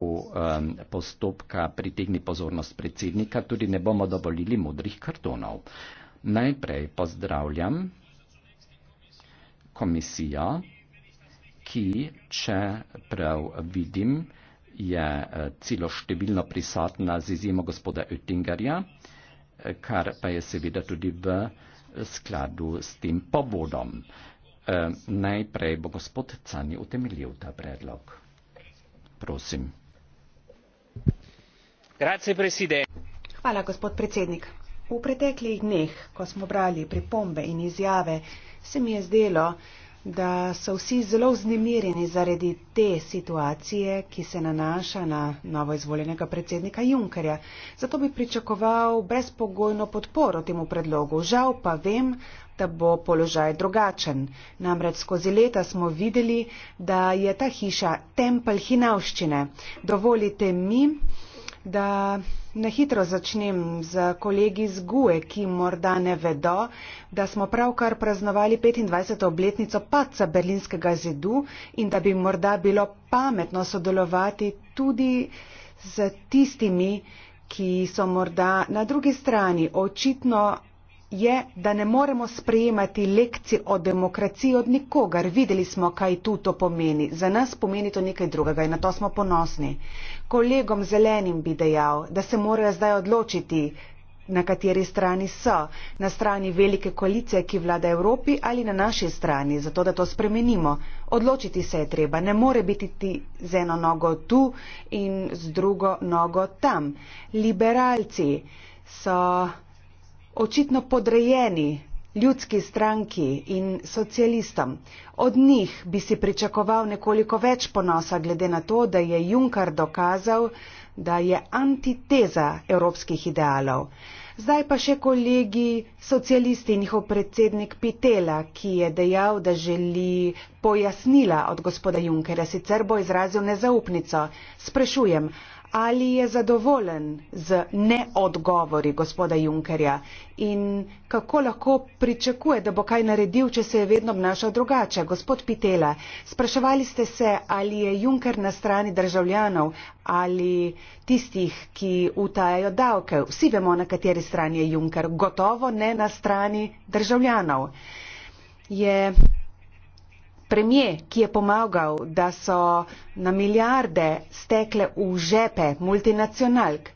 um, postopka pritegni pozornost predsednika, tudi ne bomo dovolili modrih kartonov. Najprej pozdravljam komisijo, ki, če prav vidim, je eh, celo številno prisotna z izjemo gospoda Oettingerja, eh, kar pa je seveda tudi v eh, skladu s tem pobodom. Najprej bo gospod Cani utemeljil ta predlog. Prosim. Hvala, gospod predsednik. V preteklih dneh, ko smo brali pripombe in izjave, se mi je zdelo, da so vsi zelo vznemirjeni zaradi te situacije, ki se nanaša na novo izvoljenega predsednika Junkerja. Zato bi pričakoval brezpogojno podporo temu predlogu. Žal pa vem, da bo položaj drugačen. Namreč skozi leta smo videli, da je ta hiša tempelj hinavščine. Dovolite mi, da na hitro začnem z kolegi z GUE, ki morda ne vedo, da smo pravkar praznovali 25. obletnico paca berlinskega zidu in da bi morda bilo pametno sodelovati tudi z tistimi, ki so morda na drugi strani očitno je, da ne moremo sprejemati lekcij o demokraciji od nikogar. Videli smo, kaj tu to pomeni. Za nas pomeni to nekaj drugega in na to smo ponosni. Kolegom zelenim bi dejal, da se morajo zdaj odločiti, na kateri strani so. Na strani velike koalicije, ki vlada Evropi ali na naši strani, zato da to spremenimo. Odločiti se je treba. Ne more biti ti z eno nogo tu in z drugo nogo tam. Liberalci so očitno podrejeni ljudski stranki in socialistom. Od njih bi si pričakoval nekoliko več ponosa, glede na to, da je Juncker dokazal, da je antiteza evropskih idealov. Zdaj pa še kolegi socialisti in njihov predsednik Pitela, ki je dejal, da želi pojasnila od gospoda Junckerja, sicer bo izrazil nezaupnico. Sprašujem, ali je zadovoljen z neodgovori gospoda Junkerja in kako lahko pričakuje, da bo kaj naredil, če se je vedno obnašal drugače. Gospod Pitela, spraševali ste se, ali je Junker na strani državljanov ali tistih, ki utajajo davke. Vsi vemo, na kateri strani je Junker, gotovo ne na strani državljanov. Je premije, ki je pomagal, da so na milijarde stekle v žepe multinacionalk.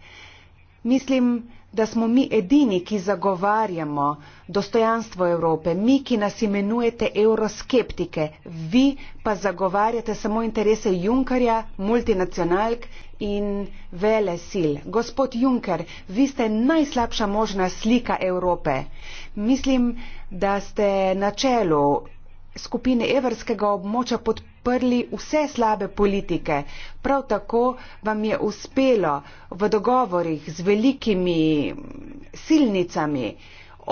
Mislim, da smo mi edini, ki zagovarjamo dostojanstvo Evrope, mi, ki nas imenujete euroskeptike, vi pa zagovarjate samo interese Junkerja, multinacionalk in vele sil. Gospod Junker, vi ste najslabša možna slika Evrope. Mislim, da ste na čelu skupine evrskega območja podprli vse slabe politike. Prav tako vam je uspelo v dogovorih z velikimi silnicami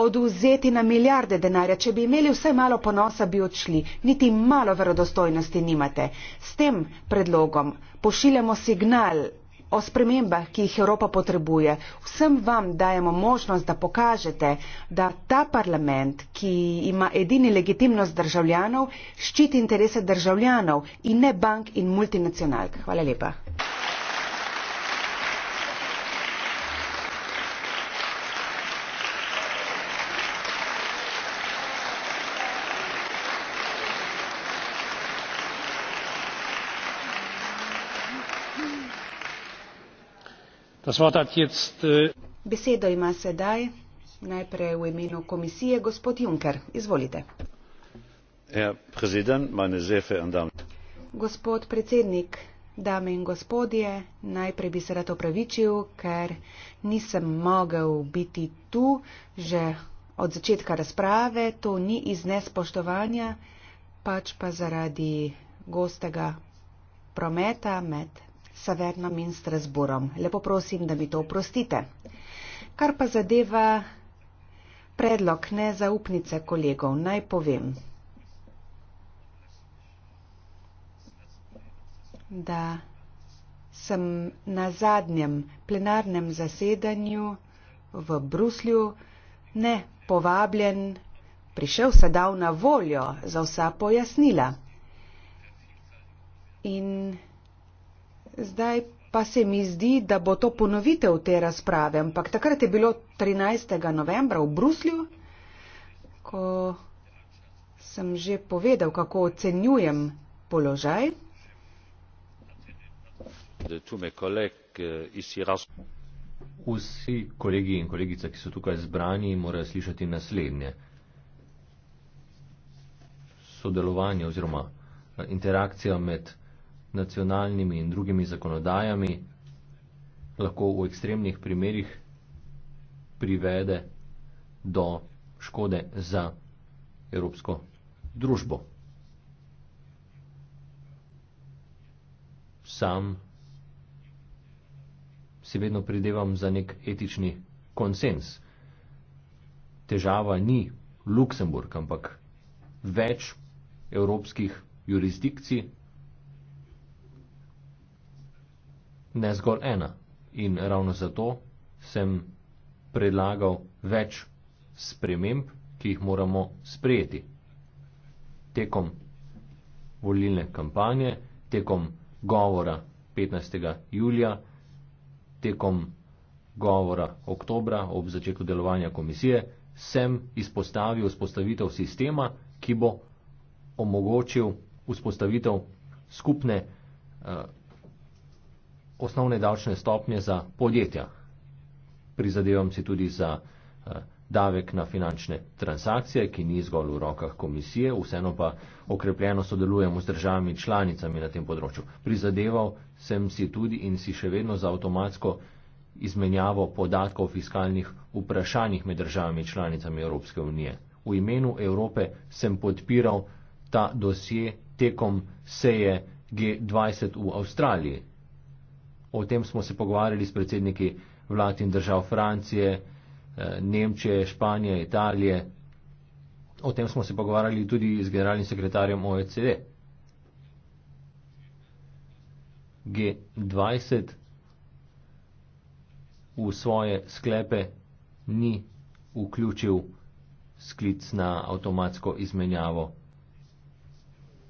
oduzeti na milijarde denarja. Če bi imeli vsaj malo ponosa, bi odšli. Niti malo verodostojnosti nimate. S tem predlogom pošiljamo signal o spremembah, ki jih Evropa potrebuje. Vsem vam dajemo možnost, da pokažete, da ta parlament, ki ima edini legitimnost državljanov, ščiti interese državljanov in ne bank in multinacionalk. Hvala lepa. Äh, besedo ima sedaj najprej v imenu komisije gospod juncker izvolite gospod predsednik dame in gospodje najprej bi se rad opravičil ker nisem mogel biti tu že od začetka razprave to ni iz nespoštovanja pač pa zaradi gostega prometa med Savernom in Strasburom. Lepo prosim, da mi to oprostite. Kar pa zadeva predlog nezaupnice kolegov, naj povem, da sem na zadnjem plenarnem zasedanju v Bruslju ne povabljen, prišel se dal na voljo za vsa pojasnila. In Zdaj pa se mi zdi, da bo to ponovitev te razprave, ampak takrat je bilo 13. novembra v Bruslju, ko sem že povedal, kako ocenjujem položaj. Euh, Vsi kolegi in kolegica, ki so tukaj zbrani, morajo slišati naslednje. Sodelovanje oziroma eh, interakcija med nacionalnimi in drugimi zakonodajami, lahko v ekstremnih primerjih privede do škode za evropsko družbo. Sam si vedno pridevam za nek etični konsens. Težava ni Luksemburg, ampak več evropskih jurisdikcij, ne zgolj ena. In ravno zato sem predlagal več sprememb, ki jih moramo sprejeti tekom volilne kampanje, tekom govora 15. julija, tekom govora oktobra ob začetku delovanja komisije, sem izpostavil vzpostavitev sistema, ki bo omogočil vzpostavitev skupne eh, osnovne davčne stopnje za podjetja. Prizadevam si tudi za eh, davek na finančne transakcije, ki ni zgolj v rokah komisije, vseeno pa okrepljeno sodelujemo z državami članicami na tem področju. Prizadeval sem si tudi in si še vedno za avtomatsko izmenjavo podatkov o fiskalnih vprašanjih med državami članicami Evropske unije. V imenu Evrope sem podpiral ta dosje tekom seje G20 v Avstraliji. O tem smo se pogovarjali s predsedniki vlad in držav Francije, eh, Nemčije, Španije, Italije. O tem smo se pogovarjali tudi z generalnim sekretarjem OECD. E. G20 v svoje sklepe ni vključil sklic na avtomatsko izmenjavo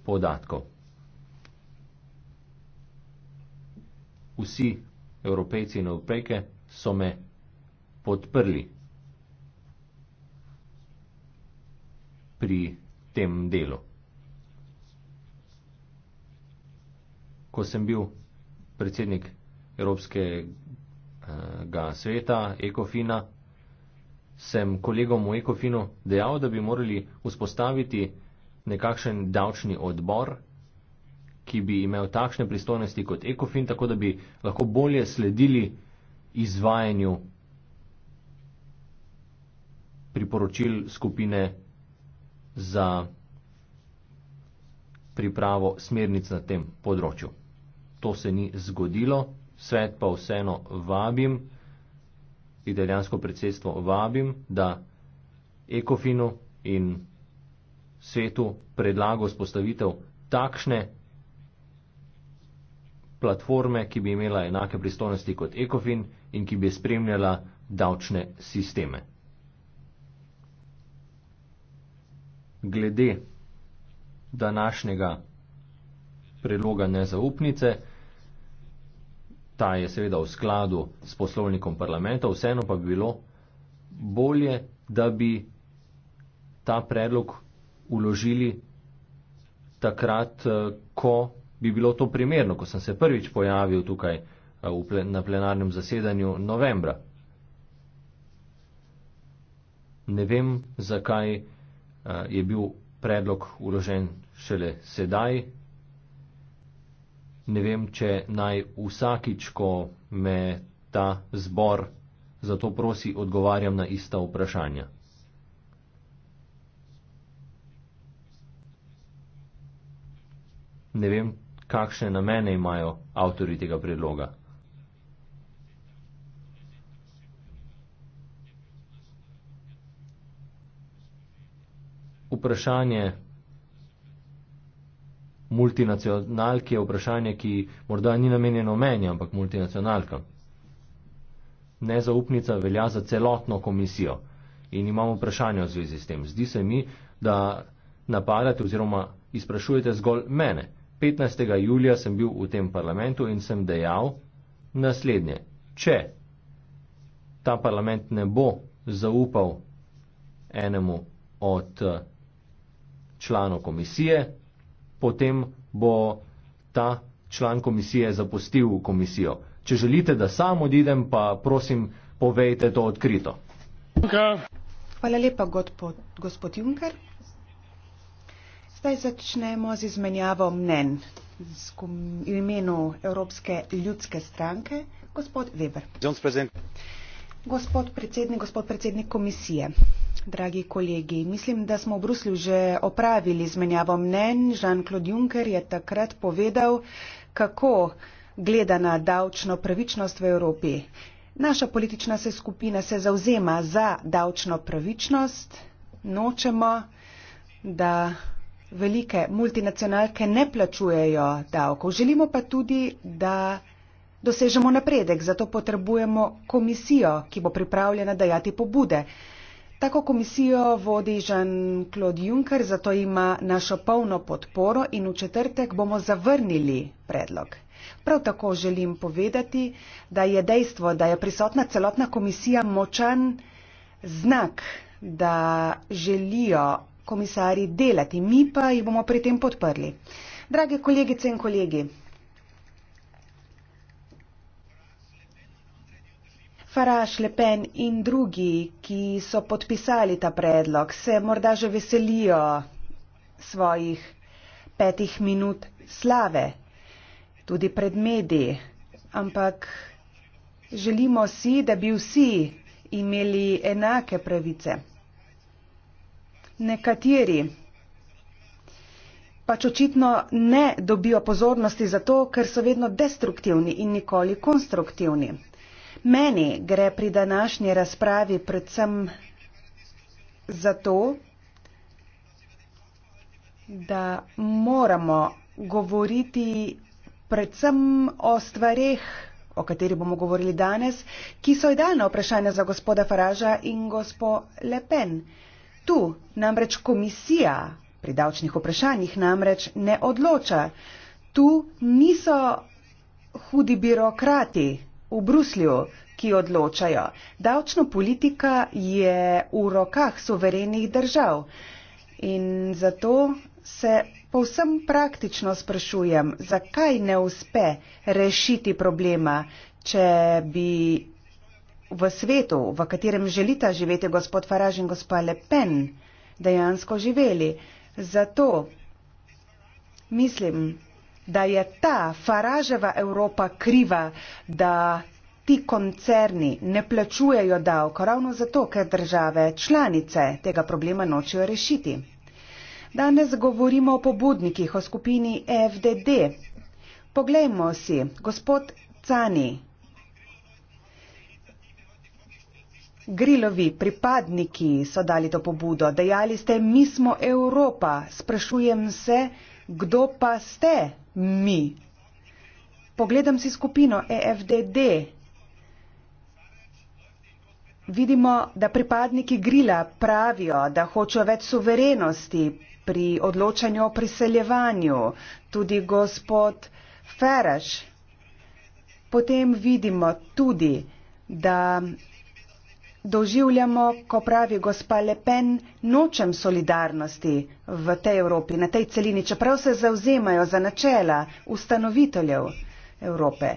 podatkov. vsi evropejci in evropejke so me podprli pri tem delu. Ko sem bil predsednik Evropskega sveta Ekofina, sem kolegom v Ekofinu dejal, da bi morali vzpostaviti nekakšen davčni odbor ki bi imel takšne pristojnosti kot ECOFIN, tako da bi lahko bolje sledili izvajanju priporočil skupine za pripravo smernic na tem področju. To se ni zgodilo, svet pa vseeno vabim, italijansko predsedstvo vabim, da ECOFINu in svetu predlago spostavitev takšne platforme, ki bi imela enake pristojnosti kot ECOFIN in ki bi spremljala davčne sisteme. Glede današnjega predloga nezaupnice, ta je seveda v skladu s poslovnikom parlamenta, vseeno pa bi bilo bolje, da bi ta predlog uložili takrat, eh, ko bi bilo to primerno, ko sem se prvič pojavil tukaj eh, na plenarnem zasedanju novembra. Ne vem, zakaj eh, je bil predlog uložen šele sedaj. Ne vem, če naj vsakič, ko me ta zbor zato prosi, odgovarjam na ista vprašanja. Ne vem, kakšne namene imajo avtori tega predloga. Vprašanje multinacionalke je vprašanje, ki morda ni namenjeno meni, ampak multinacionalka. Nezaupnica velja za celotno komisijo in imamo vprašanje v zvezi s tem. Zdi se mi, da napadate oziroma izprašujete zgolj mene. 15. julija sem bil v tem parlamentu in sem dejal naslednje. Če ta parlament ne bo zaupal enemu od članov komisije, potem bo ta član komisije zapustil komisijo. Če želite, da sam odidem, pa prosim, povejte to odkrito. Hvala lepa, gospod Juncker. Zdaj začnemo z izmenjavo mnen z imenu Evropske ljudske stranke, gospod Weber. Gospod predsednik, gospod predsednik komisije, dragi kolegi, mislim, da smo v Bruslju že opravili izmenjavo mnen. Jean-Claude Juncker je takrat povedal, kako gleda na davčno pravičnost v Evropi. Naša politična se skupina se zauzema za davčno pravičnost, nočemo, da velike multinacionalke ne plačujejo davkov. Želimo pa tudi, da dosežemo napredek. Zato potrebujemo komisijo, ki bo pripravljena dajati pobude. Tako komisijo vodi Jean-Claude Juncker, zato ima našo polno podporo in v četrtek bomo zavrnili predlog. Prav tako želim povedati, da je dejstvo, da je prisotna celotna komisija močan znak, da želijo komisari delati, mi pa jih bomo pri tem podprli. Drage kolegice in kolegi, Faraš Lepen in drugi, ki so podpisali ta predlog, se morda že veselijo svojih petih minut slave, tudi pred mediji, ampak želimo si, da bi vsi imeli enake pravice nekateri pač očitno ne dobijo pozornosti zato, ker so vedno destruktivni in nikoli konstruktivni. Meni gre pri današnji razpravi predvsem zato, da moramo govoriti predvsem o stvarih, o katerih bomo govorili danes, ki so idealna vprašanja za gospoda Faraža in gospo Le Pen tu namreč komisija pri davčnih vprašanjih namreč ne odloča. Tu niso hudi birokrati v Bruslju, ki odločajo. Davčna politika je v rokah suverenih držav. In zato se povsem praktično sprašujem, zakaj ne uspe rešiti problema, če bi v svetu, v katerem želita živeti gospod Faraž in gospa Le Pen, dejansko živeli. Zato mislim, da je ta Faraževa Evropa kriva, da ti koncerni ne plačujejo davko ravno zato, ker države članice tega problema nočejo rešiti. Danes govorimo o pobudnikih, o skupini FDD. Poglejmo si, gospod Cani, Grilovi pripadniki so dali to pobudo. Dejali ste, mi smo Evropa. Sprašujem se, kdo pa ste mi? Pogledam si skupino EFDD. Vidimo, da pripadniki grila pravijo, da hočejo več suverenosti pri odločanju o priseljevanju. Tudi gospod Feraš. Potem vidimo tudi, da doživljamo, ko pravi gospa Le Pen, nočem solidarnosti v tej Evropi, na tej celini, čeprav se zauzemajo za načela ustanoviteljev Evrope.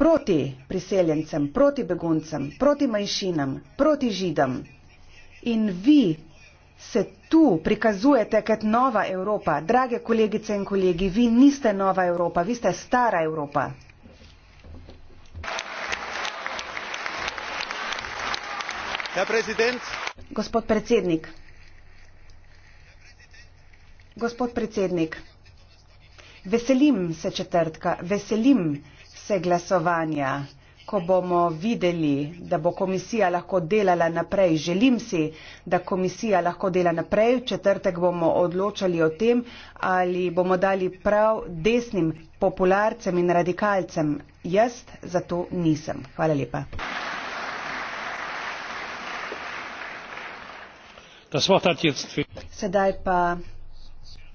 Proti priseljencem, proti beguncem, proti manjšinam, proti židom. In vi se tu prikazujete kot nova Evropa. Drage kolegice in kolegi, vi niste nova Evropa, vi ste stara Evropa. gospod predsednik gospod predsednik veselim se četrtka veselim se glasovanja ko bomo videli da bo komisija lahko delala naprej želim si da komisija lahko dela naprej v četrtek bomo odločali o tem ali bomo dali prav desnim popularcem in radikalcem jaz za to nisem hvala lepa Sedaj pa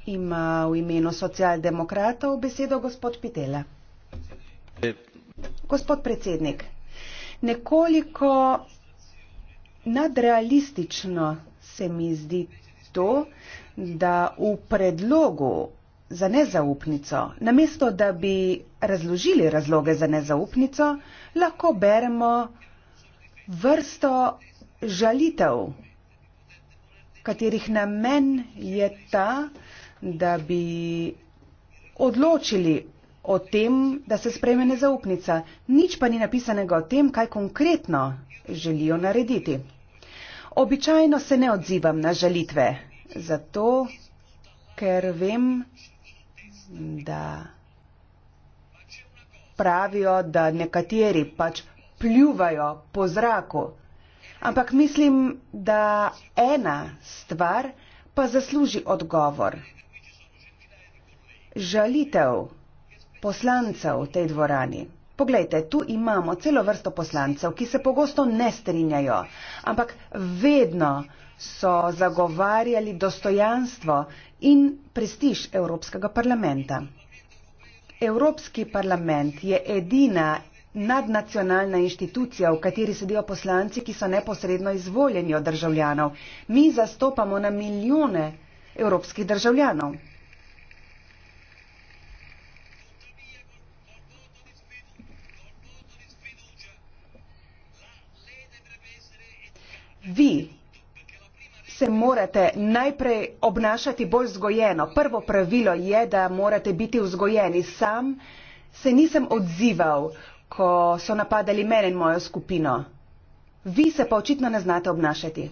ima v imenu socialdemokratov besedo gospod Pitele. Gospod predsednik, nekoliko nadrealistično se mi zdi to, da v predlogu za nezaupnico, namesto da bi razložili razloge za nezaupnico, lahko beremo vrsto žalitev katerih namen je ta, da bi odločili o tem, da se sprejme nezaupnica. Nič pa ni napisanega o tem, kaj konkretno želijo narediti. Običajno se ne odzivam na žalitve, zato ker vem, da pravijo, da nekateri pač pljuvajo po zraku ampak mislim, da ena stvar pa zasluži odgovor. Žalitev poslancev v tej dvorani. Poglejte, tu imamo celo vrsto poslancev, ki se pogosto ne strinjajo, ampak vedno so zagovarjali dostojanstvo in prestiž Evropskega parlamenta. Evropski parlament je edina nadnacionalna inštitucija, v kateri sedijo poslanci, ki so neposredno izvoljeni od državljanov. Mi zastopamo na milijone evropskih državljanov. Vi se morate najprej obnašati bolj zgojeno. Prvo pravilo je, da morate biti vzgojeni. Sam se nisem odzival ko so napadali mene in mojo skupino. Vi se pa očitno ne znate obnašati.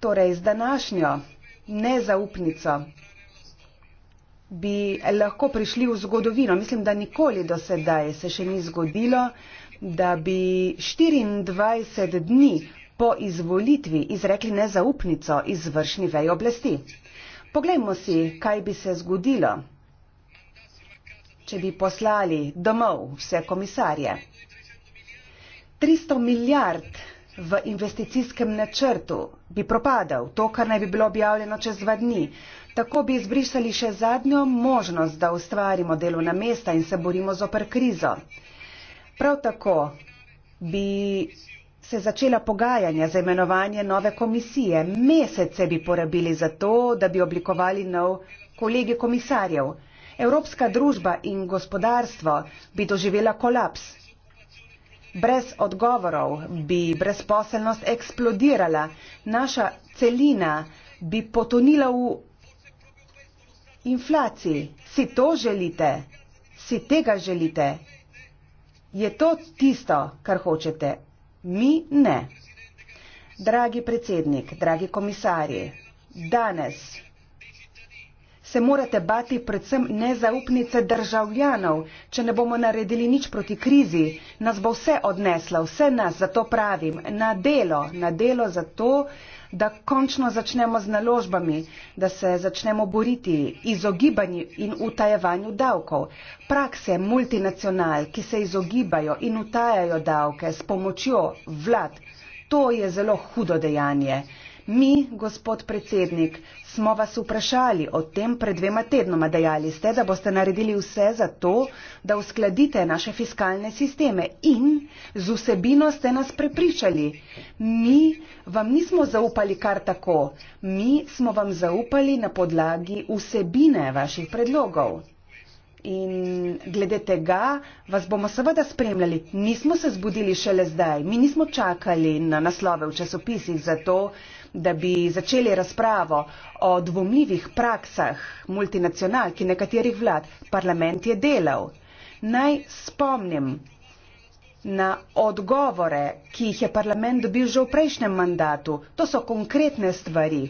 Torej, z današnjo nezaupnico bi lahko prišli v zgodovino. Mislim, da nikoli do sedaj se še ni zgodilo, da bi 24 dni po izvolitvi izrekli nezaupnico izvršni vej oblasti. Poglejmo si, kaj bi se zgodilo če bi poslali domov vse komisarje. 300 milijard v investicijskem načrtu bi propadal, to, kar naj bi bilo objavljeno čez dva dni. Tako bi izbrisali še zadnjo možnost, da ustvarimo delovna mesta in se borimo z opr krizo. Prav tako bi se začela pogajanja za imenovanje nove komisije. Mesece bi porabili za to, da bi oblikovali nov kolegi komisarjev. Evropska družba in gospodarstvo bi doživela kolaps. Brez odgovorov bi brezposelnost eksplodirala, naša celina bi potonila v inflaciji. Si to želite? Si tega želite? Je to tisto, kar hočete? Mi ne. Dragi predsednik, dragi komisarji, danes se morate bati predvsem nezaupnice državljanov, če ne bomo naredili nič proti krizi. Nas bo vse odnesla, vse nas, zato pravim, na delo, na delo zato, da končno začnemo z naložbami, da se začnemo boriti izogibanju in utajevanju davkov. Prakse multinacional, ki se izogibajo in utajajo davke s pomočjo vlad, to je zelo hudo dejanje. Mi, gospod predsednik, smo vas vprašali o tem pred dvema tednoma. Dejali ste, da boste naredili vse za to, da uskladite naše fiskalne sisteme in z vsebino ste nas prepričali. Mi vam nismo zaupali kar tako. Mi smo vam zaupali na podlagi vsebine vaših predlogov. In glede tega vas bomo seveda spremljali. Nismo se zbudili šele zdaj. Mi nismo čakali na naslove v časopisih za to, da da bi začeli razpravo o dvomljivih praksah multinacionalki nekaterih vlad. Parlament je delal. Naj spomnim na odgovore, ki jih je parlament dobil že v prejšnjem mandatu. To so konkretne stvari.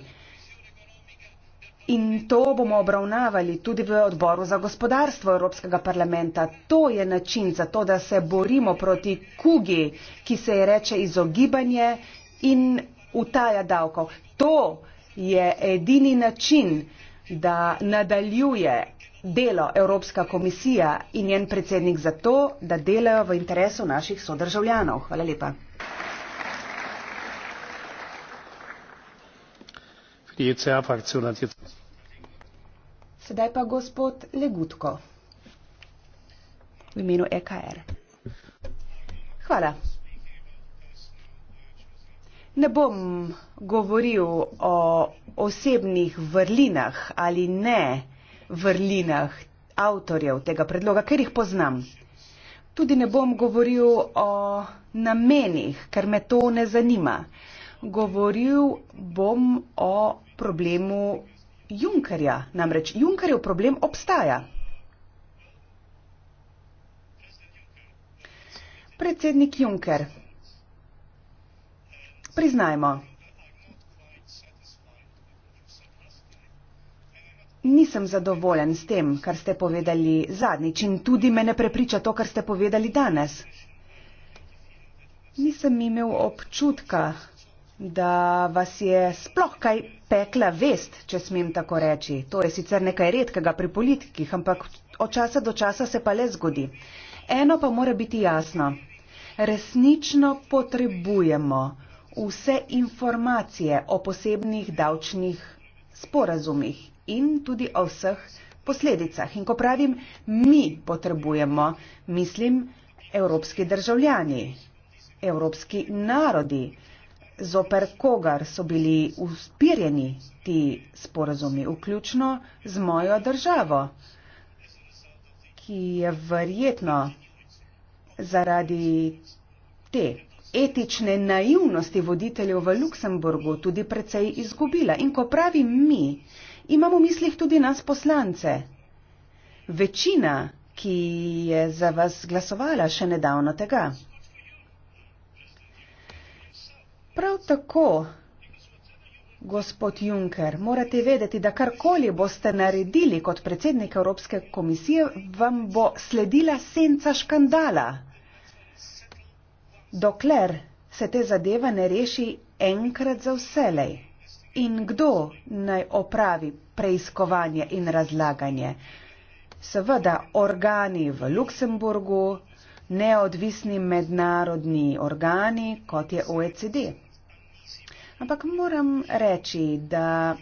In to bomo obravnavali tudi v odboru za gospodarstvo Evropskega parlamenta. To je način za to, da se borimo proti kugi, ki se je reče izogibanje in utaja davkov. To je edini način, da nadaljuje delo Evropska komisija in njen predsednik za to, da delajo v interesu naših sodržavljanov. Hvala lepa. E Sedaj pa gospod Legutko v imenu EKR. Hvala. Ne bom govoril o osebnih vrlinah ali ne vrlinah avtorjev tega predloga, ker jih poznam. Tudi ne bom govoril o namenih, ker me to ne zanima. Govoril bom o problemu Junkerja. Namreč Junkerjev problem obstaja. Predsednik Junker priznajmo. Nisem zadovoljen s tem, kar ste povedali zadnjič in tudi me ne prepriča to, kar ste povedali danes. Nisem imel občutka, da vas je sploh kaj pekla vest, če smem tako reči. To je sicer nekaj redkega pri politikih, ampak od časa do časa se pa le zgodi. Eno pa mora biti jasno. Resnično potrebujemo vse informacije o posebnih davčnih sporazumih in tudi o vseh posledicah. In ko pravim, mi potrebujemo, mislim, evropski državljani, evropski narodi, zoper kogar so bili uspirjeni ti sporazumi, vključno z mojo državo, ki je verjetno zaradi te etične naivnosti voditeljev v Luksemburgu tudi precej izgubila. In ko pravim mi, imamo v mislih tudi nas poslance. Večina, ki je za vas glasovala še nedavno tega. Prav tako, gospod Juncker, morate vedeti, da karkoli boste naredili kot predsednik Evropske komisije, vam bo sledila senca škandala dokler se te zadeva ne reši enkrat za vselej. In kdo naj opravi preiskovanje in razlaganje? Seveda organi v Luksemburgu, neodvisni mednarodni organi, kot je OECD. Ampak moram reči, da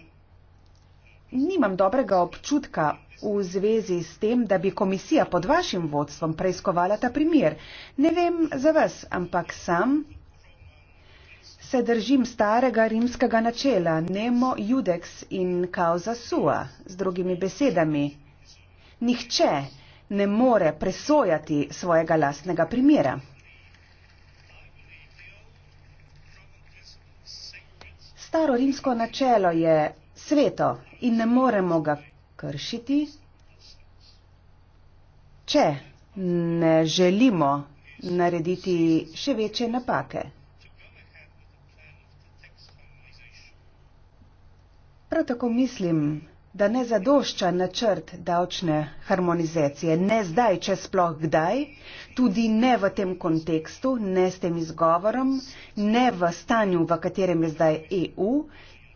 nimam dobrega občutka v zvezi s tem, da bi komisija pod vašim vodstvom preiskovala ta primer. Ne vem za vas, ampak sam se držim starega rimskega načela Nemo Judex in Causa Sua. Z drugimi besedami, nihče ne more presojati svojega lastnega primera. Staro rimsko načelo je sveto in ne moremo ga kršiti, če ne želimo narediti še večje napake. Prav tako mislim, da ne zadošča načrt davčne harmonizacije, ne zdaj, če sploh kdaj, tudi ne v tem kontekstu, ne s tem izgovorom, ne v stanju, v katerem je zdaj EU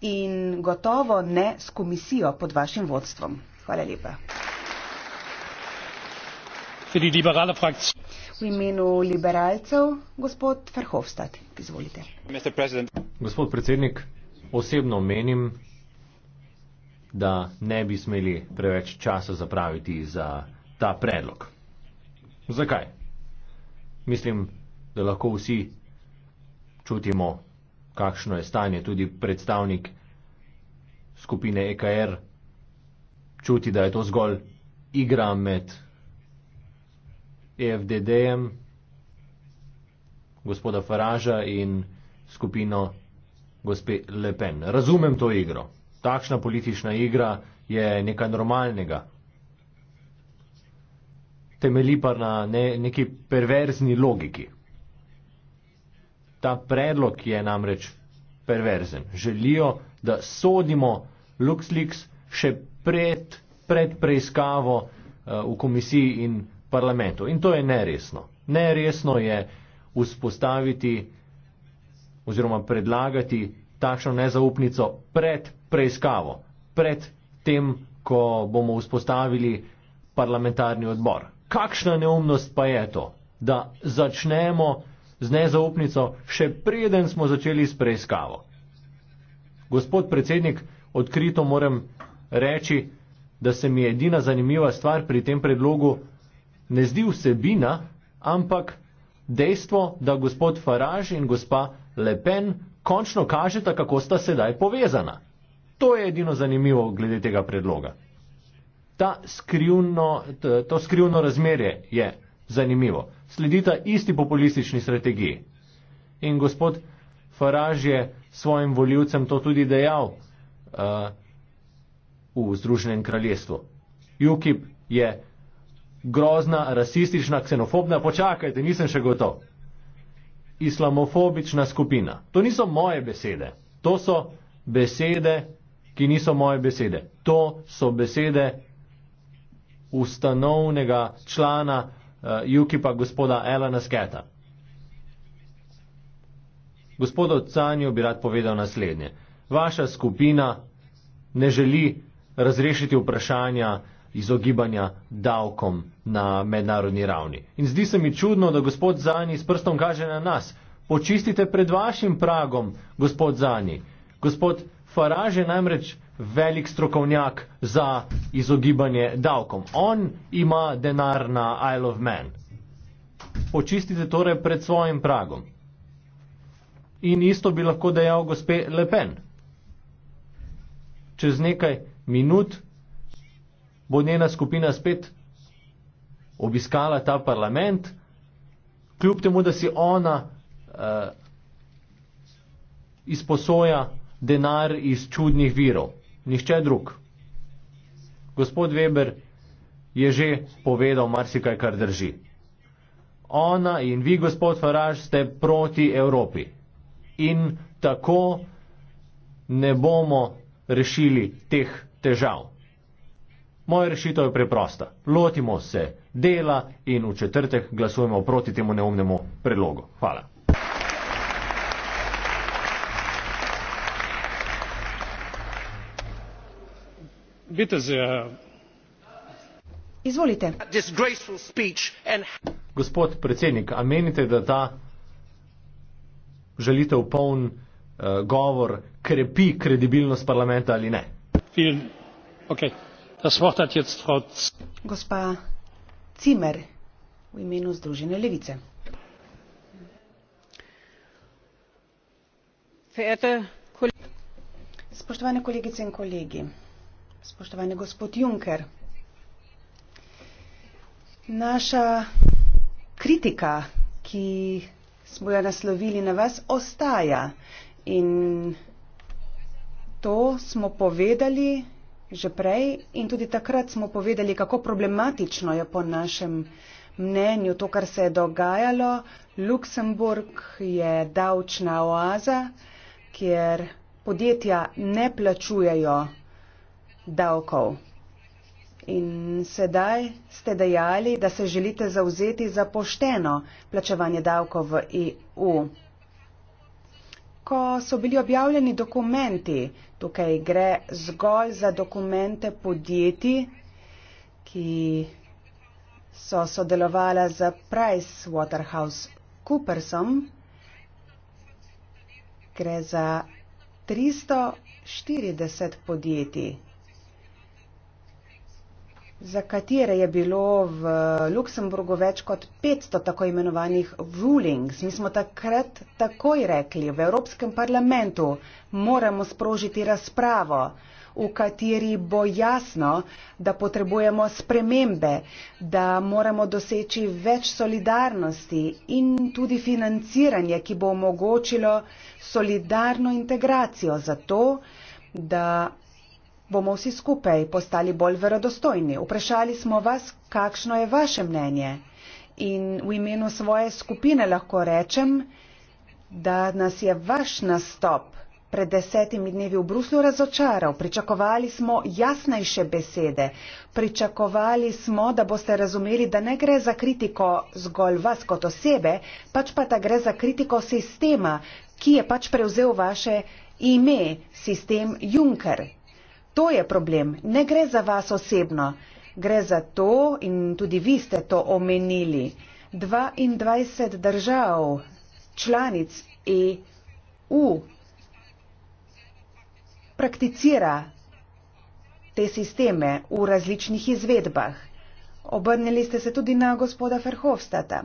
in gotovo ne s komisijo pod vašim vodstvom. Hvala lepa. V imenu liberalcev, gospod Verhofstadt, izvolite. Gospod predsednik, osebno menim, da ne bi smeli preveč časa zapraviti za ta predlog. Zakaj? Mislim, da lahko vsi čutimo kakšno je stanje. Tudi predstavnik skupine EKR čuti, da je to zgolj igra med EFDD-jem, gospoda Faraža in skupino gospe Le Pen. Razumem to igro. Takšna politična igra je nekaj normalnega. Temeli pa na ne, neki perverzni logiki. Ta predlog je namreč perverzen. Želijo, da sodimo LuxLeaks še pred, pred preiskavo eh, v komisiji in parlamentu. In to je neresno. Neresno je vzpostaviti oziroma predlagati takšno nezaupnico pred preiskavo, pred tem, ko bomo vzpostavili parlamentarni odbor. Kakšna neumnost pa je to, da začnemo z nezaupnico, še preden smo začeli s preiskavo. Gospod predsednik, odkrito moram reči, da se mi edina zanimiva stvar pri tem predlogu ne zdi vsebina, ampak dejstvo, da gospod Faraž in gospa Le Pen končno kažeta, kako sta sedaj povezana. To je edino zanimivo glede tega predloga. Skrivno, to skrivno razmerje je zanimivo sledita isti populistični strategiji. In gospod Faraž je svojim voljivcem to tudi dejal uh, v Združenem kraljestvu. UKIP je grozna, rasistična, ksenofobna, počakajte, nisem še gotov. Islamofobična skupina. To niso moje besede. To so besede, ki niso moje besede. To so besede ustanovnega člana Eh, UKIP-a gospoda Elena Sketa. Gospod Ocanju bi rad povedal naslednje. Vaša skupina ne želi razrešiti vprašanja izogibanja davkom na mednarodni ravni. In zdi se mi čudno, da gospod Zani s prstom kaže na nas. Počistite pred vašim pragom, gospod Zani. Gospod Faraž je namreč velik strokovnjak za izogibanje davkom. On ima denar na Isle of Man. Počistite torej pred svojim pragom. In isto bi lahko dejal gospe Lepen. Čez nekaj minut bo njena skupina spet obiskala ta parlament, kljub temu, da si ona eh, izposoja denar iz čudnih virov. Nihče drug. Gospod Weber je že povedal marsikaj, kar drži. Ona in vi, gospod Faraž, ste proti Evropi. In tako ne bomo rešili teh težav. Moja rešitev je preprosta. Lotimo se dela in v četrtek glasujemo proti temu neumnemu predlogu. Hvala. Ja. Gospod predsednik, a menite, da ta želitev poln uh, govor krepi kredibilnost parlamenta ali ne? Okay. Gospa Cimer v imenu Združene levice. Spoštovane kolegice in kolegi spoštovani gospod Juncker. Naša kritika, ki smo jo naslovili na vas, ostaja in to smo povedali že prej in tudi takrat smo povedali, kako problematično je po našem mnenju to, kar se je dogajalo. Luksemburg je davčna oaza, kjer podjetja ne plačujejo davkov. In sedaj ste dejali, da se želite zauzeti za pošteno plačevanje davkov v EU. Ko so bili objavljeni dokumenti, tukaj gre zgolj za dokumente podjetij, ki so sodelovala z PricewaterhouseCoopersom, gre za 340 podjetij za katere je bilo v Luksemburgu več kot 500 tako imenovanih rulings. Mi smo takrat takoj rekli, v Evropskem parlamentu moramo sprožiti razpravo, v kateri bo jasno, da potrebujemo spremembe, da moramo doseči več solidarnosti in tudi financiranje, ki bo omogočilo solidarno integracijo za to, da bomo vsi skupaj postali bolj verodostojni. Vprašali smo vas, kakšno je vaše mnenje. In v imenu svoje skupine lahko rečem, da nas je vaš nastop pred desetimi dnevi v Bruslu razočaral. Pričakovali smo jasnejše besede. Pričakovali smo, da boste razumeli, da ne gre za kritiko zgolj vas kot osebe, pač pa da gre za kritiko sistema, ki je pač prevzel vaše ime, sistem Juncker. To je problem. Ne gre za vas osebno. Gre za to, in tudi vi ste to omenili, 22 držav, članic EU prakticira te sisteme v različnih izvedbah. Obrnili ste se tudi na gospoda Ferhofstata.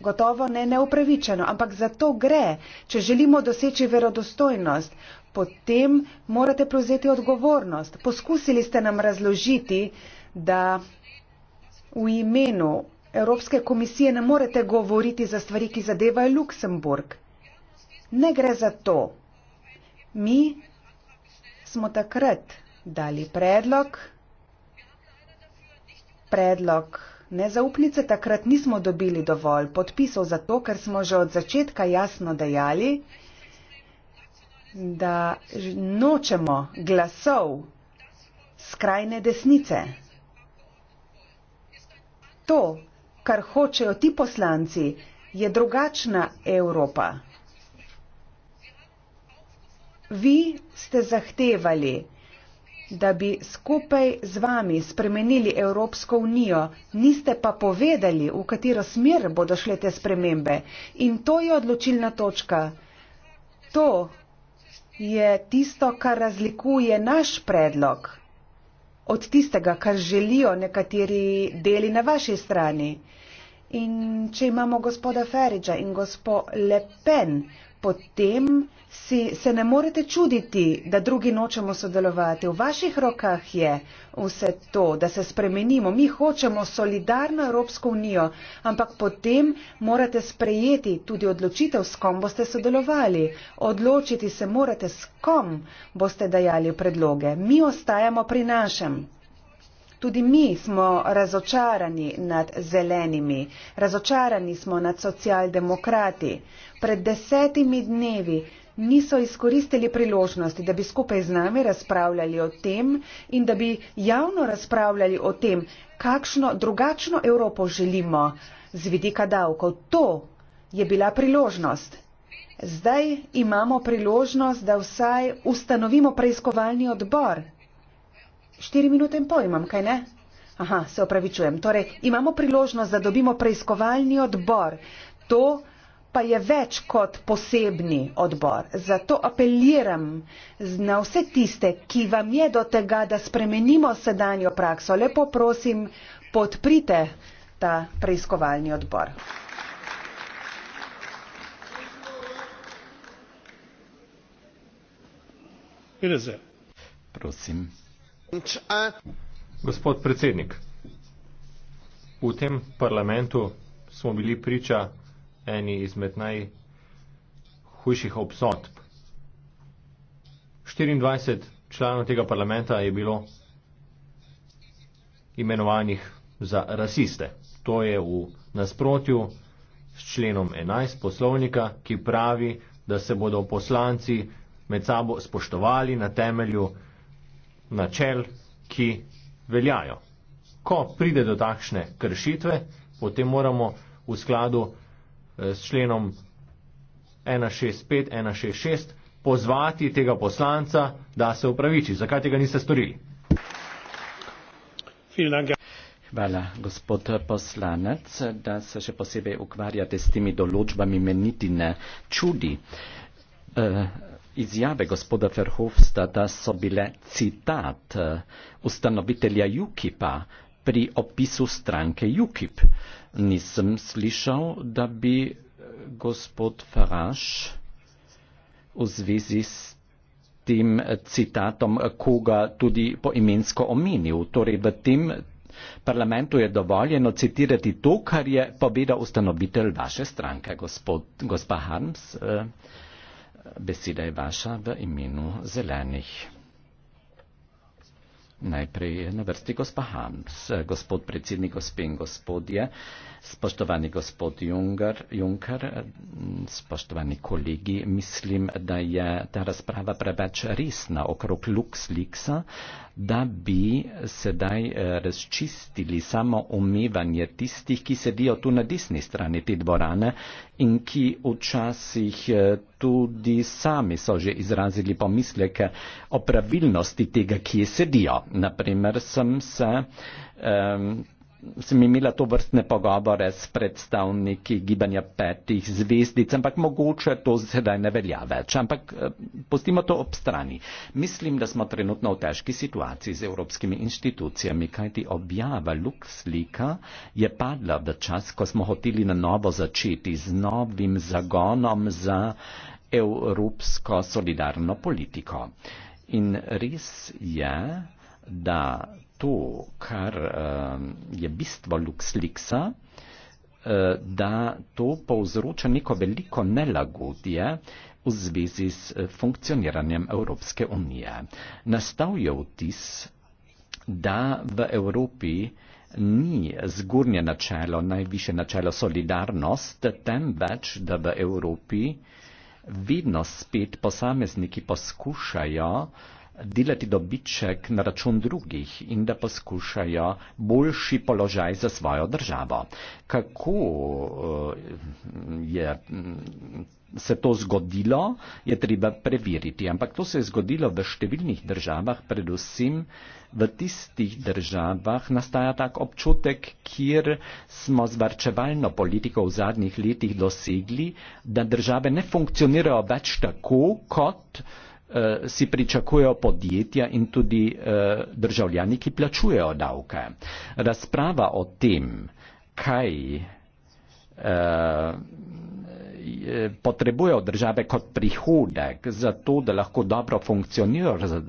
Gotovo ne neupravičeno, ampak za to gre. Če želimo doseči verodostojnost, potem morate prevzeti odgovornost. Poskusili ste nam razložiti, da v imenu Evropske komisije ne morete govoriti za stvari, ki zadevajo Luksemburg. Ne gre za to. Mi smo takrat dali predlog. Predlog Nezaupnice takrat nismo dobili dovolj podpisov za to, ker smo že od začetka jasno dejali, da nočemo glasov skrajne desnice. To, kar hočejo ti poslanci, je drugačna Evropa. Vi ste zahtevali, da bi skupaj z vami spremenili Evropsko unijo, niste pa povedali, v katero smer bodo šle te spremembe. In to je odločilna točka. To je tisto, kar razlikuje naš predlog od tistega, kar želijo nekateri deli na vaši strani. In če imamo gospoda Feriča in gospod Le Pen, potem si, se ne morete čuditi, da drugi nočemo sodelovati. V vaših rokah je vse to, da se spremenimo. Mi hočemo solidarno Evropsko unijo, ampak potem morate sprejeti tudi odločitev, s kom boste sodelovali. Odločiti se morate, s kom boste dajali predloge. Mi ostajamo pri našem. Tudi mi smo razočarani nad zelenimi, razočarani smo nad socialdemokrati. Pred desetimi dnevi niso izkoristili priložnosti, da bi skupaj z nami razpravljali o tem in da bi javno razpravljali o tem, kakšno drugačno Evropo želimo z vidika davkov. To je bila priložnost. Zdaj imamo priložnost, da vsaj ustanovimo preiskovalni odbor Štiri minute in pol imam, kaj ne? Aha, se opravičujem. Torej, imamo priložnost, da dobimo preiskovalni odbor. To pa je več kot posebni odbor. Zato apeliram na vse tiste, ki vam je do tega, da spremenimo sedanjo prakso. Lepo prosim, podprite ta preiskovalni odbor. Prosim. Gospod predsednik, v tem parlamentu smo bili priča eni izmed najhujših obsodb. 24 članov tega parlamenta je bilo imenovanih za rasiste. To je v nasprotju s členom 11 poslovnika, ki pravi, da se bodo poslanci med sabo spoštovali na temelju načel, ki veljajo. Ko pride do takšne kršitve, potem moramo v skladu eh, s členom 165, 166 pozvati tega poslanca, da se upraviči. Zakaj tega niste storili? Ja. Hvala, gospod poslanec, da se še posebej ukvarjate s temi določbami menitine. Čudi. Uh, izjave gospoda Verhofstada so bile citat eh, ustanovitelja UKIP-a pri opisu stranke UKIP. Nisem slišal, da bi eh, gospod Faraš v zvezi s tem eh, citatom koga tudi poimensko omenil. Torej v tem parlamentu je dovoljeno citirati to, kar je povedal ustanovitelj vaše stranke, gospod Harms. Eh, Beseda je vaša v imenu zelenih. Najprej je na vrsti gospa Hans, gospod predsednik, gospe in gospodje, spoštovani gospod Junger, Junker, spoštovani kolegi, mislim, da je ta razprava preveč resna okrog LuxLeaksa, da bi sedaj eh, razčistili samo umevanje tistih, ki sedijo tu na desni strani te dvorane in ki včasih eh, tudi sami so že izrazili pomisleke o pravilnosti tega, kje sedijo. Naprimer, sem se um, sem imela to vrstne pogovore s predstavniki gibanja petih zvezdic, ampak mogoče to sedaj ne velja več. Ampak eh, postimo to ob strani. Mislim, da smo trenutno v težki situaciji z evropskimi inštitucijami, kajti objava Lukslika je padla v čas, ko smo hoteli na novo začeti z novim zagonom za evropsko solidarno politiko. In res je, da to, kar eh, je bistvo luksliksa, eh, da to povzroča neko veliko nelagodje v zvezi s eh, funkcioniranjem Evropske unije. Nastal je vtis, da v Evropi ni zgornje načelo, najviše načelo solidarnost, temveč, da v Evropi vedno spet posamezniki poskušajo uh, delati dobiček na račun drugih in da poskušajo boljši položaj za svojo državo. Kako eh, je mm, se to zgodilo, je treba preveriti. Ampak to se je zgodilo v številnih državah, predvsem v tistih državah nastaja tak občutek, kjer smo z varčevalno politiko v zadnjih letih dosegli, da države ne funkcionirajo več tako, kot Eh, si pričakujejo podjetja in tudi eh, državljani, ki plačujejo davke. Razprava o tem, kaj eh, Eh, potrebujejo države kot prihodek, zato da lahko dobro funkcionirajo za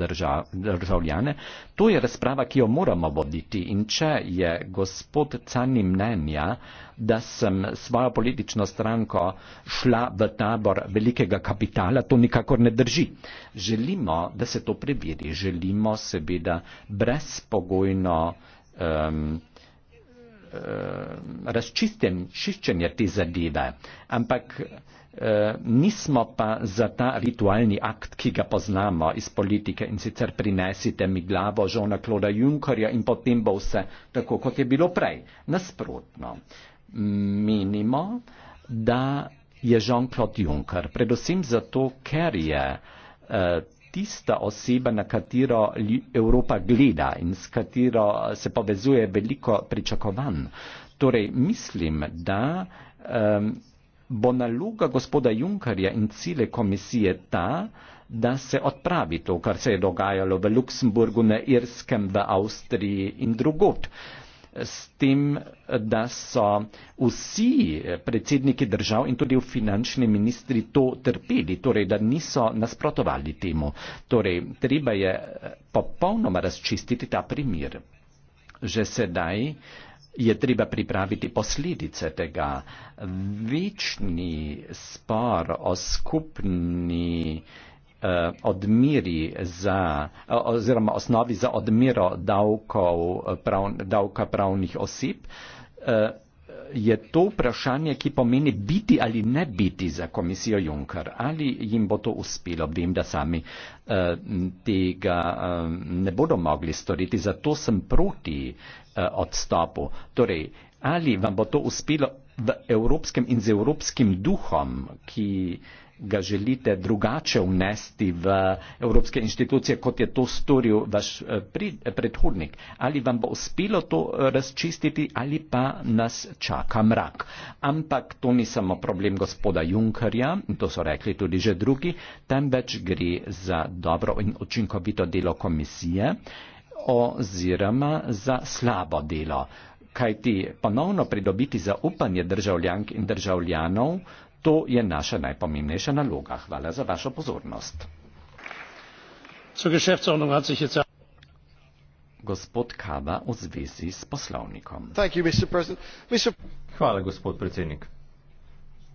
državljane, to je razprava, ki jo moramo voditi. In če je gospod Cani mnenja, da sem svojo politično stranko šla v tabor velikega kapitala, to nikakor ne drži. Želimo, da se to preveri, želimo seveda brezpogojno. Um, Eh, razčistjen, čiščenje te zadeve, ampak eh, nismo pa za ta ritualni akt, ki ga poznamo iz politike in sicer prinesite mi glavo žona Kloda Junkerja in potem bo vse tako, kot je bilo prej. Nasprotno, menimo, da je žon Klod Junker predvsem zato, ker je eh, tista oseba, na katero Evropa gleda in s katero eh, se povezuje veliko pričakovanj. Torej, mislim, da um, bo naloga gospoda Junkarja in cile komisije ta, da se odpravi to, kar se je dogajalo v Luksemburgu, na Irskem, v Avstriji in drugot. Um, s tem, da so vsi predsedniki držav in tudi finančni ministri to trpeli, torej da niso nasprotovali temu. Torej, treba je eh, popolnoma razčistiti ta primir. Že sedaj je treba pripraviti posledice tega. Večni spor o skupni Eh, odmiri za, eh, oziroma osnovi za odmero davkov, eh, prav, davka pravnih oseb, je to vprašanje, ki pomeni biti ali ne biti za komisijo Juncker. Ali jim bo to uspelo? Vem, da sami tega ne bodo mogli storiti, zato sem proti odstopu. Torej, ali vam bo to uspelo v evropskem in z evropskim duhom, ki ga želite drugače vnesti v evropske institucije, kot je to storil vaš eh, eh, predhodnik. Ali vam bo uspelo to eh, razčistiti ali pa nas čaka mrak. Ampak to ni samo problem gospoda Junkerja, to so rekli tudi že drugi, temveč gre za dobro in učinkovito delo komisije oziroma za slabo delo. Kajti ponovno pridobiti zaupanje državljank in državljanov, To je naša najpomembnejša naloga. Hvala za vašo pozornost. Ja- gospod Kaba v zvezi s poslovnikom. Hvala, gospod predsednik.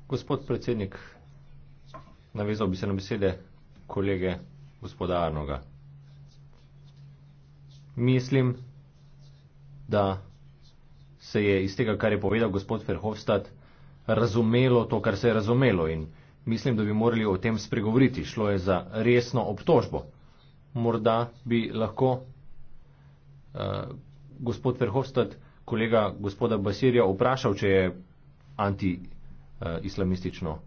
Gospod predsednik, navezal bi se na besede kolege gospoda Arnoga. Mislim, da se je iz tega, kar je povedal gospod Verhofstadt, razumelo to, kar se je razumelo in mislim, da bi morali o tem spregovoriti. Šlo je za resno obtožbo. Morda bi lahko uh, gospod Verhofstad, kolega gospoda Basirja, vprašal, če je anti-islamistično uh,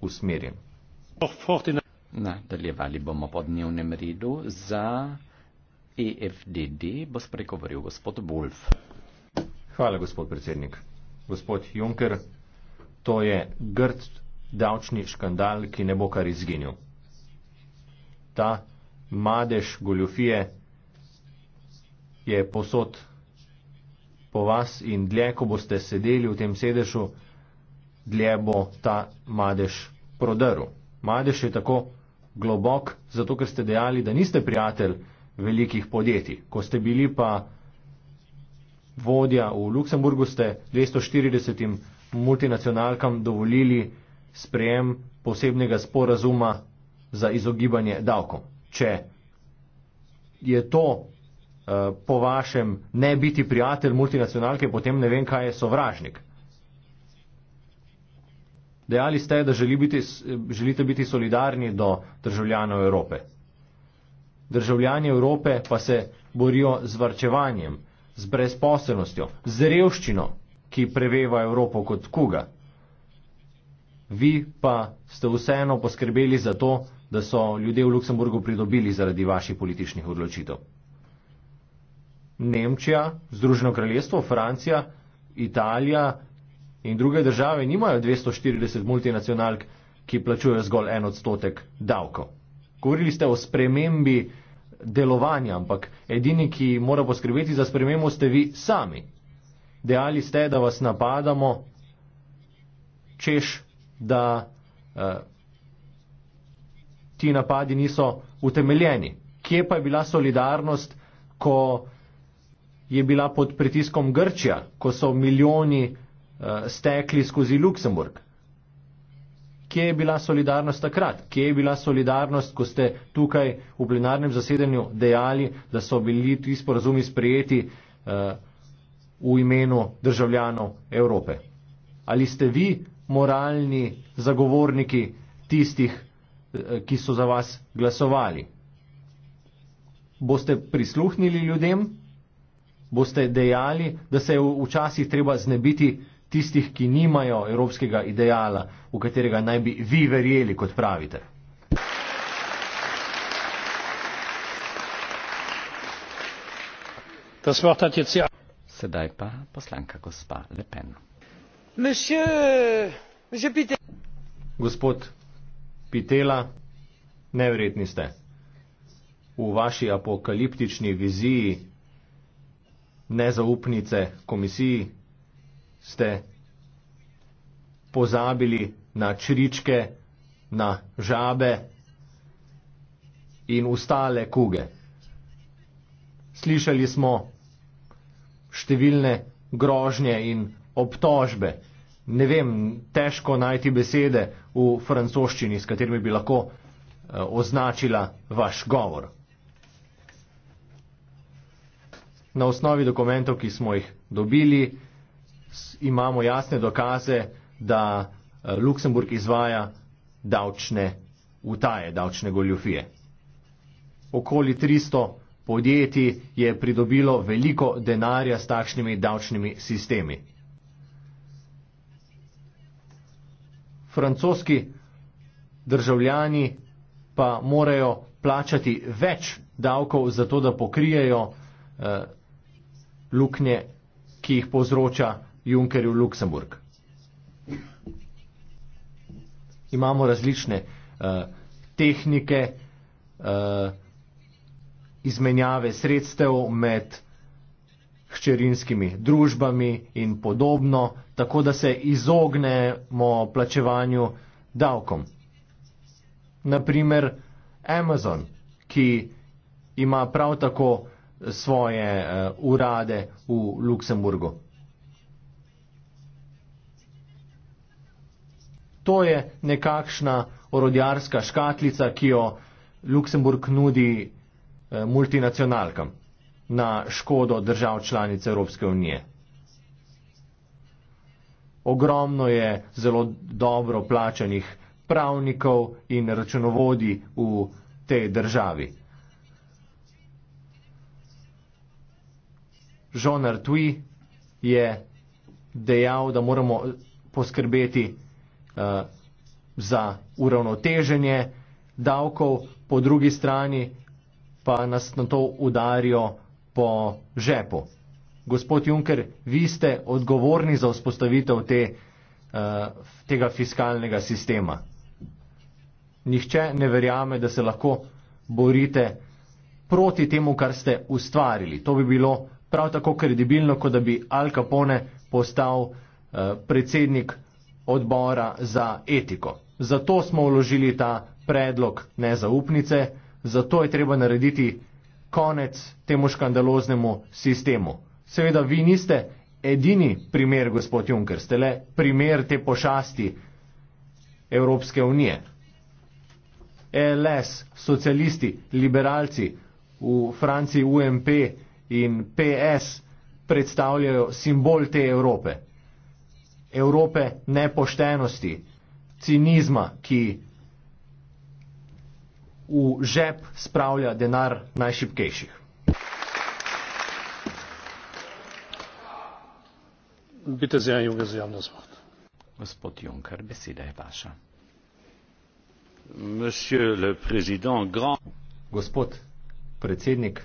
usmerjen. Nadaljevali bomo po dnevnem redu. Za EFDD bo spregovoril gospod Bulf. Hvala, gospod predsednik gospod Juncker, to je grd davčni škandal, ki ne bo kar izginil. Ta madež goljufije je posod po vas in dlje, ko boste sedeli v tem sedežu, dlje bo ta madež prodrl. Madež je tako globok, zato ker ste dejali, da niste prijatelj velikih podjetij. Ko ste bili pa vodja v Luksemburgu, ste 240 multinacionalkam dovolili sprejem posebnega sporazuma za izogibanje davkom. Če je to eh, po vašem ne biti prijatelj multinacionalke, potem ne vem, kaj je sovražnik. Dejali ste, da želi biti, eh, želite biti solidarni do državljanov Evrope. Državljani Evrope pa se borijo z varčevanjem z brezposelnostjo, z revščino, ki preveva Evropo kot kuga. Vi pa ste vseeno poskrbeli za to, da so ljudje v Luksemburgu pridobili zaradi vaših političnih odločitev. Nemčija, Združeno kraljestvo, Francija, Italija in druge države nimajo 240 multinacionalk, ki plačujejo zgolj en odstotek davkov. Govorili ste o spremembi delovanja, ampak edini, ki mora poskrbeti za spremembo, ste vi sami. Dejali ste, da vas napadamo, češ, da uh, ti napadi niso utemeljeni. Kje pa je bila solidarnost, ko je bila pod pritiskom Grčija, ko so milijoni uh, stekli skozi Luksemburg? kje je bila solidarnost takrat, kje je bila solidarnost, ko ste tukaj v plenarnem zasedanju dejali, da so bili ti sporazumi sprejeti uh, v imenu državljanov Evrope. Ali ste vi moralni zagovorniki tistih, eh, ki so za vas glasovali? Boste prisluhnili ljudem? Boste dejali, da se je včasih treba znebiti tistih, ki nimajo evropskega ideala, v katerega naj bi vi verjeli, kot pravite. Sedaj pa poslanka gospa Le Pen. Gospod Pitela, nevredni ste. V vaši apokaliptični viziji nezaupnice komisiji ste pozabili na čričke, na žabe in ustale kuge. Slišali smo številne grožnje in obtožbe. Ne vem, težko najti besede v francoščini, s katerimi bi lahko eh, označila vaš govor. Na osnovi dokumentov, ki smo jih dobili, imamo jasne dokaze, da eh, Luksemburg izvaja davčne utaje, davčne goljufije. Okoli 300 podjetij je pridobilo veliko denarja s takšnimi davčnimi sistemi. Francoski državljani pa morajo plačati več davkov za to, da pokrijejo eh, luknje, ki jih povzroča Junkerju Luksemburg. Imamo različne uh, tehnike uh, izmenjave sredstev med hčerinskimi družbami in podobno, tako da se izognemo plačevanju davkom. Naprimer Amazon, ki ima prav tako svoje uh, urade v Luksemburgu. to je nekakšna orodjarska škatlica, ki jo Luksemburg nudi eh, multinacionalkam na škodo držav članic Evropske unije. Ogromno je zelo dobro plačanih pravnikov in računovodij v tej državi. Žonar Tui je dejal, da moramo poskrbeti, Eh, za uravnoteženje davkov, po drugi strani pa nas na to udarijo po žepu. Gospod Juncker, vi ste odgovorni za vzpostavitev te, eh, tega fiskalnega sistema. Nihče ne verjame, da se lahko borite proti temu, kar ste ustvarili. To bi bilo prav tako kredibilno, kot da bi Al Capone postal eh, predsednik odbora za etiko. Zato smo vložili ta predlog nezaupnice, zato je treba narediti konec temu škandaloznemu sistemu. Seveda vi niste edini primer, gospod Juncker, ste le primer te pošasti Evropske unije. LS, socialisti, liberalci v Franciji UMP in PS predstavljajo simbol te Evrope. Evrope nepoštenosti, cinizma, ki v žep spravlja denar najšipkejših. Bite za jugo za javno zvod. Gospod Juncker, beseda je vaša. Gospod predsednik,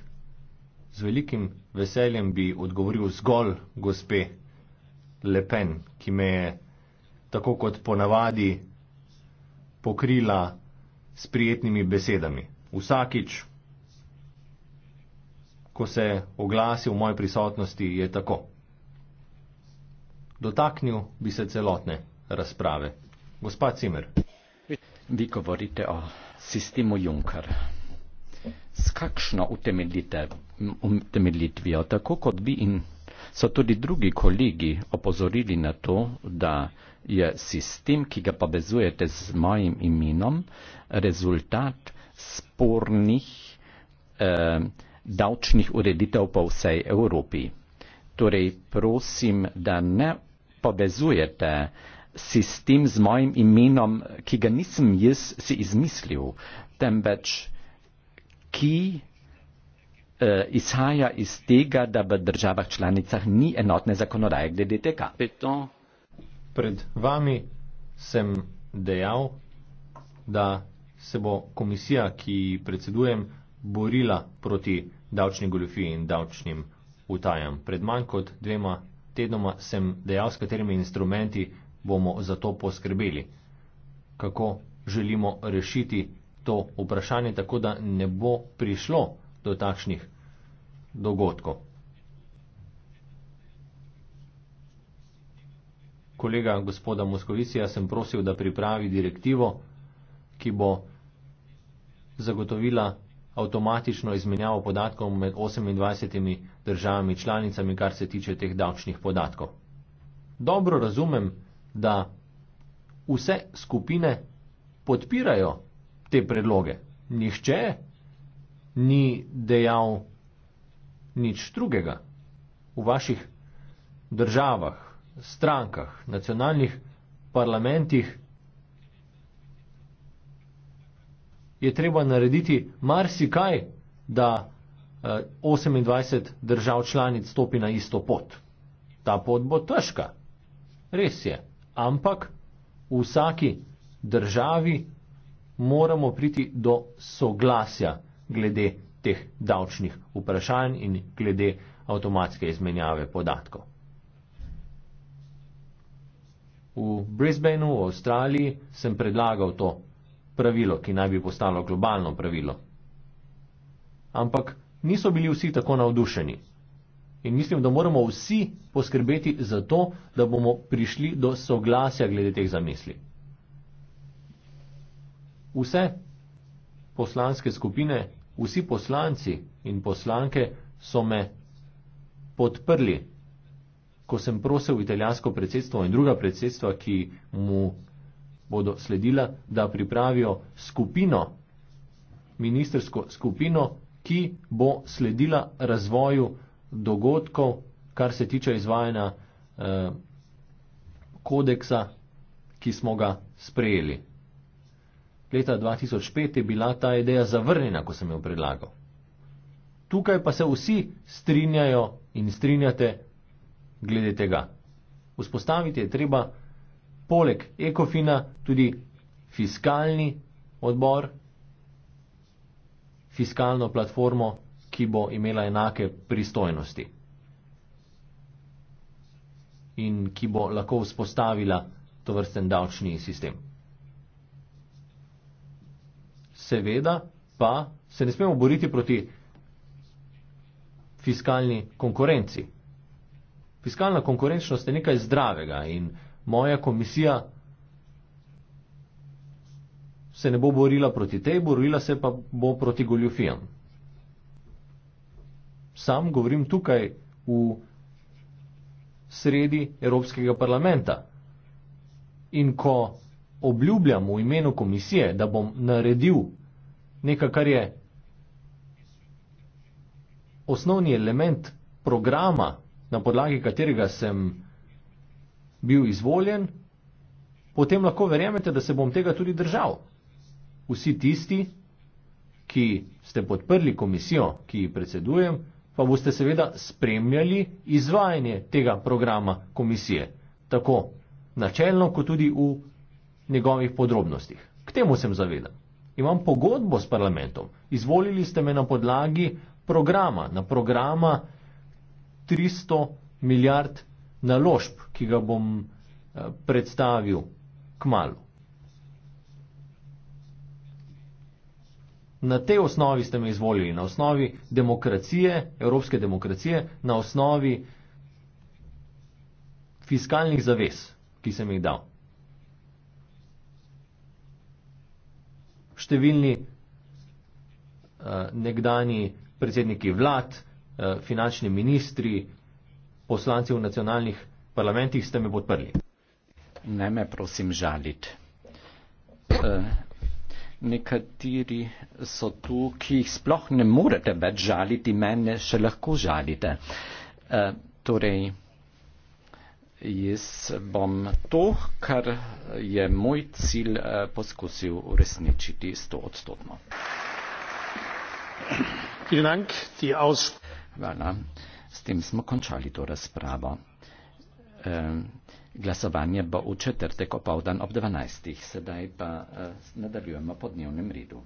z velikim veseljem bi odgovoril zgolj gospe Le Pen, ki me je tako kot ponavadi pokrila s prijetnimi besedami. Vsakič, ko se oglasi v moji prisotnosti, je tako. Dotaknil bi se celotne razprave. Gospa Cimer. Vi govorite o sistemu Juncker. S kakšno utemeljitvijo, tako kot vi in so tudi drugi kolegi opozorili na to, da je sistem, ki ga povezujete z mojim imenom, rezultat spornih eh, davčnih ureditev po vsej Evropi. Torej, prosim, da ne povezujete sistem z mojim imenom, ki ga nisem jaz si izmislil, temveč ki eh, izhaja iz tega, da v državah članicah ni enotne zakonodaje glede tega. Pred vami sem dejal, da se bo komisija, ki predsedujem, borila proti davčni goljofiji in davčnim utajam. Pred manj kot dvema tednoma sem dejal, s katerimi instrumenti bomo za to poskrbeli. Kako želimo rešiti to vprašanje, tako da ne bo prišlo do takšnih dogodkov. Kolega gospoda Moskovicija sem prosil, da pripravi direktivo, ki bo zagotovila avtomatično izmenjavo podatkov med 28 državami članicami, kar se tiče teh davčnih podatkov. Dobro razumem, da vse skupine podpirajo te predloge. Nihče ni dejal, nič drugega. V vaših državah, strankah, nacionalnih parlamentih je treba narediti marsikaj, da 28 eh, držav članic stopi na isto pot. Ta pot bo težka, res je, ampak v vsaki državi moramo priti do soglasja glede teh davčnih vprašanj in glede avtomatske izmenjave podatkov. V Brisbaneu v Avstraliji sem predlagal to pravilo, ki naj bi postalo globalno pravilo. Ampak niso bili vsi tako navdušeni. In mislim, da moramo vsi poskrbeti za to, da bomo prišli do soglasja glede teh zamisli. Vse poslanske skupine vsi poslanci in poslanke so me podprli, ko sem prosil italijansko predsedstvo in druga predsedstva, ki mu bodo sledila, da pripravijo skupino, ministersko skupino, ki bo sledila razvoju dogodkov, kar se tiče izvajanja eh, kodeksa, ki smo ga sprejeli. Leta 2005 je bila ta ideja zavrnjena, ko sem jo predlagal. Tukaj pa se vsi strinjajo in strinjate glede tega. Vzpostaviti je treba poleg ekofina tudi fiskalni odbor, fiskalno platformo, ki bo imela enake pristojnosti in ki bo lahko vzpostavila to vrsten davčni sistem seveda pa se ne smemo boriti proti fiskalni konkurenci. Fiskalna konkurenčnost je nekaj zdravega in moja komisija se ne bo borila proti tej, borila se pa bo proti goljufijam. Sam govorim tukaj v sredi Evropskega parlamenta. In ko obljubljam v imenu komisije, da bom naredil nekaj, kar je osnovni element programa, na podlagi katerega sem bil izvoljen, potem lahko verjamete, da se bom tega tudi držal. Vsi tisti, ki ste podprli komisijo, ki ji predsedujem, pa boste seveda spremljali izvajanje tega programa komisije, tako načelno, kot tudi v njegovih podrobnostih. K temu sem zavedan imam pogodbo s parlamentom, izvolili ste me na podlagi programa, na programa 300 milijard naložb, ki ga bom eh, predstavil k malu. Na tej osnovi ste me izvolili, na osnovi demokracije, evropske demokracije, na osnovi fiskalnih zavez, ki sem jih dal. številni eh, nekdani predsedniki vlad, eh, finančni ministri, poslanci v nacionalnih parlamentih ste me podprli. Ne me prosim žaliti. Eh, nekateri so tu, ki jih sploh ne morete več žaliti, mene še lahko žalite. Torej, jaz bom to, kar je moj cilj, eh, poskusil uresničiti sto odstotno. Hvala. S tem smo končali to razpravo. Glasovanje bo v četrtek opoldan ob 12. Sedaj pa eh, nadaljujemo po dnevnem redu.